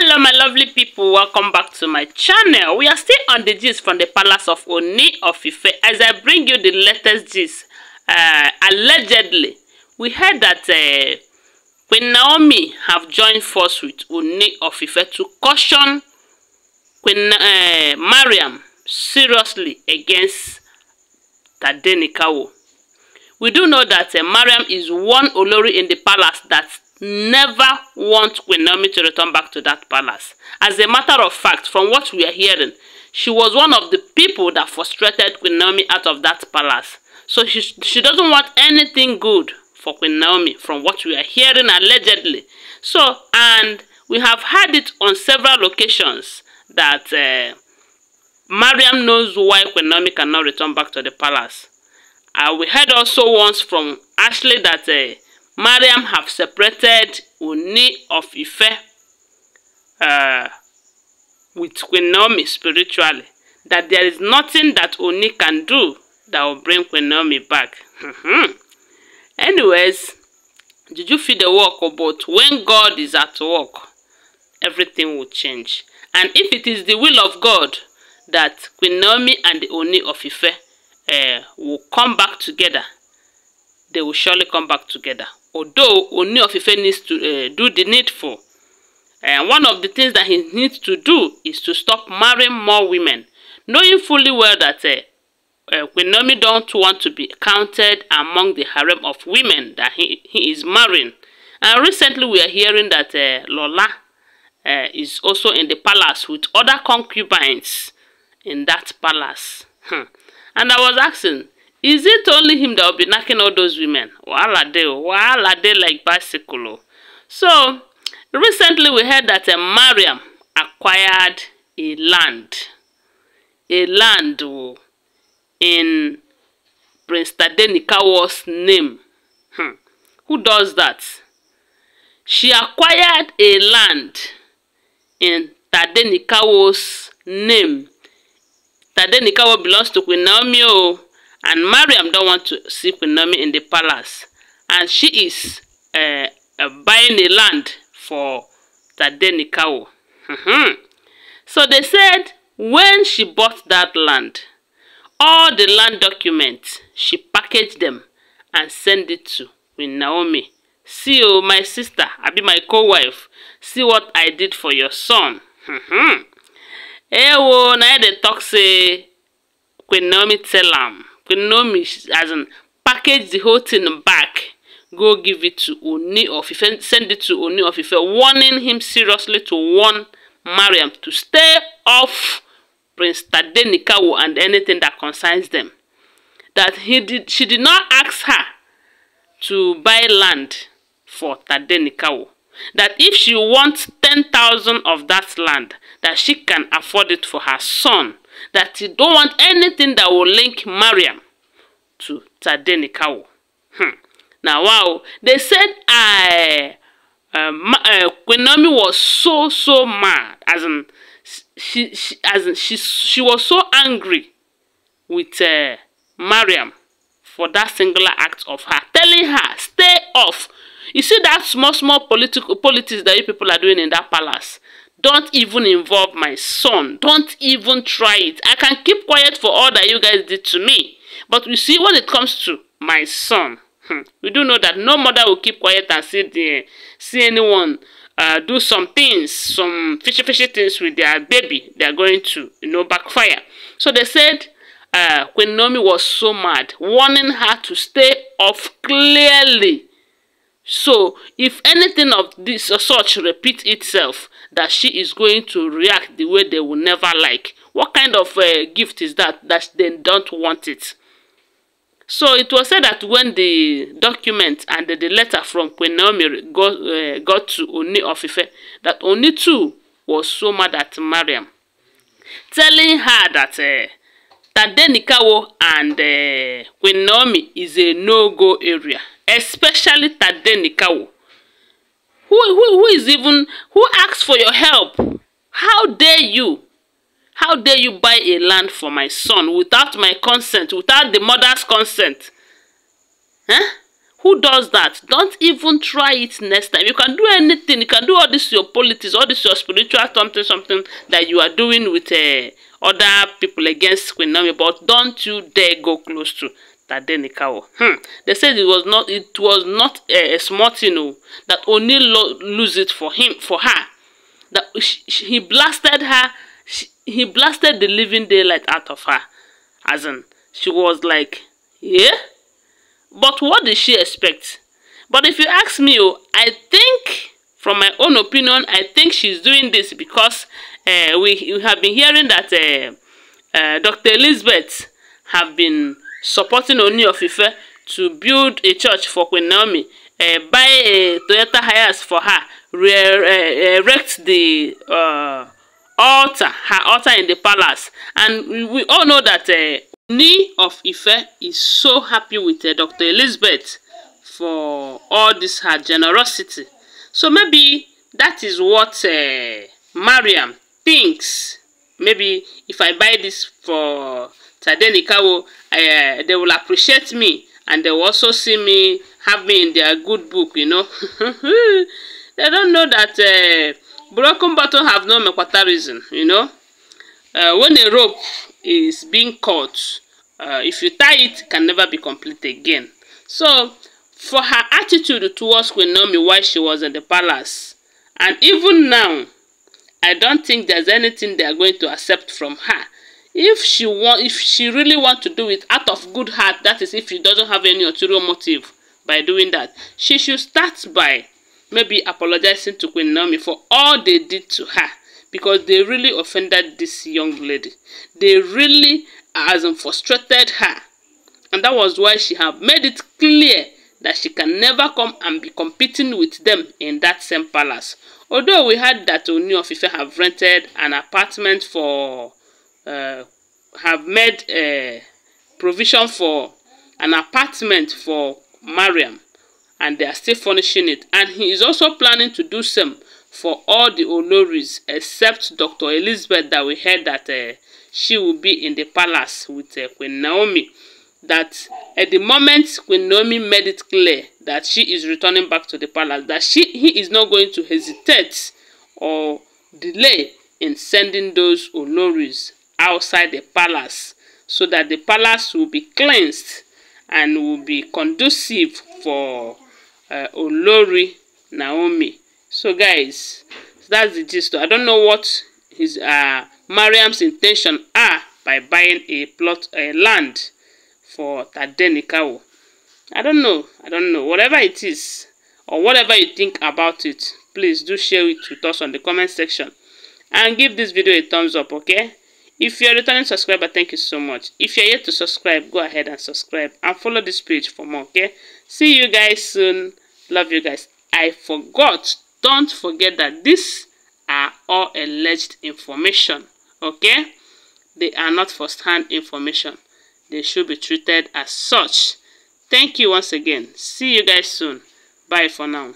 hello my lovely people welcome back to my channel we are still on the gist from the palace of oni of ife as i bring you the latest gist uh, allegedly we heard that uh, queen naomi have joined force with oni of ife to caution queen uh, mariam seriously against tadenikawo we do know that uh, mariam is one olori in the palace that never want Queen Naomi to return back to that palace. As a matter of fact, from what we are hearing, she was one of the people that frustrated Queen Naomi out of that palace. So she, she doesn't want anything good for Queen Naomi, from what we are hearing allegedly. So, and we have had it on several occasions that uh, Mariam knows why Queen Naomi cannot return back to the palace. Uh, we heard also once from Ashley that uh, Mariam have separated Oni of Ife uh, with Queen Naomi spiritually. That there is nothing that Oni can do that will bring Queen Naomi back. Anyways, did you feel the work about when God is at work, everything will change. And if it is the will of God that Queen Naomi and the Oni of Ife uh, will come back together, they will surely come back together although only of Ife needs to uh, do the needful. And eh, one of the things that he needs to do is to stop marrying more women, knowing fully well that uh, uh, Queen don't want to be counted among the harem of women that he, he is marrying. And recently we are hearing that uh, Lola uh, is also in the palace with other concubines in that palace. Hmm. And I was asking, Is it only him that will be knocking all those women? Wahala dey, wahala dey like bicycle. So, recently we heard that uh, Mariam acquired a land, a land in Prince Tade Nikawo's name. Hmm. Who does that? She acquired a land in Tade Nikawo's name. Tade Nikawo belongs to Queen Naomi. Oh. And Mariam don't want to sleep with Naomi in the palace. And she is uh, uh, buying the land for Tadenikawo. Mm-hmm. so they said when she bought that land, all the land documents, she packaged them and sent it to with Naomi. See, oh, my sister, I be my co-wife. See what I did for your son. Mm-hmm. eh, oh, now they talk say, Queen Naomi tell am. Naomi as in package the whole thing back go give it to Oni of Ife, send it to Oni of Ife, warning him seriously to warn Mariam to stay off Prince Tade Nikawo and anything that concerns them. That he did, she did not ask her to buy land for Tade Nikawo. That if she wants ten thousand of that land, that she can afford it for her son that he don't want anything that will link Mariam to Tadenikawo. Hmm. Now, wow, they said I. Uh, uh, Queen Naomi was so so mad, as in she, she as in she she was so angry with uh, Mariam for that singular act of her telling her stay off. You see that small small political politics that you people are doing in that palace don't even involve my son don't even try it i can keep quiet for all that you guys did to me but you see when it comes to my son hmm, we do know that no mother will keep quiet and see the see anyone uh, do some things some fishy fishy things with their baby they are going to you know backfire so they said uh, Queen Nomi was so mad warning her to stay off clearly So, if anything of this such repeats itself, that she is going to react the way they will never like. What kind of uh, gift is that that they don't want it? So it was said that when the document and the, the letter from Queen Naomi got, uh, got to Oni of Ife, that Oni too was so mad at Mariam, telling her that uh, Denikawo and uh, Queen Naomi is a no-go area especially Tadenikawo, who, who, who is even, who asks for your help. How dare you? How dare you buy a land for my son without my consent, without the mother's consent? Huh? Who does that? Don't even try it next time. You can do anything. You can do all this your politics, all this your spiritual something, something that you are doing with uh, other people against Queen Naomi, but don't you dare go close to Tadenika were. Hmm. They said it was not it was not a, a small thing oh, that Oni lo- lose it for him for her. That she, she, he blasted her. She, he blasted the living daylight out of her. As in, she was like, yeah. But what did she expect? But if you ask me, oh, I think from my own opinion, I think she's doing this because uh, we, we have been hearing that uh, eh, uh, eh, Dr. Elizabeth have been supporting Oni of Ife to build a church for Queen Naomi, uh, buy a Toyota Hiace for her, re uh, erect the uh, altar, her altar in the palace. And we, all know that uh, eh, Oni of Ife is so happy with uh, Dr. Elizabeth for all this her generosity. So maybe that is what uh, Mariam thinks. Maybe if I buy this for Sadenikawo, uh, eh, they will appreciate me and they will also see me have me in their good book, you know. they don't know that uh, broken bottle have no mequatarism, you know. Uh, when a rope is being caught, uh, if you tie it, it can never be complete again. So, for her attitude towards Queen Naomi while she was in the palace, and even now, I don't think there's anything they are going to accept from her if she want if she really want to do it out of good heart that is if she doesn't have any ulterior motive by doing that she should start by maybe apologizing to Queen Naomi for all they did to her because they really offended this young lady they really as in frustrated her and that was why she have made it clear that she can never come and be competing with them in that same palace although we heard that Ooni of Ife have rented an apartment for uh, have made uh, provision for an apartment for Mariam and they are still furnishing it. And he is also planning to do same for all the Oloris except Dr. Elizabeth that we heard that uh, she will be in the palace with uh, Queen Naomi. That at the moment Queen Naomi made it clear that she is returning back to the palace, that she he is not going to hesitate or delay in sending those Oloris outside the palace so that the palace will be cleansed and will be conducive for uh, Olori Naomi. So guys, that's the gist. I don't know what his uh, Mariam's intention are by buying a plot a land for Tadenikawo. I don't know. I don't know. Whatever it is or whatever you think about it, please do share it with us on the comment section and give this video a thumbs up, okay? If you're a returning subscriber, thank you so much. If you're yet to subscribe, go ahead and subscribe and follow this page for more, okay? See you guys soon. Love you guys. I forgot. Don't forget that these are all alleged information, okay? They are not first-hand information. They should be treated as such. Thank you once again. See you guys soon. Bye for now.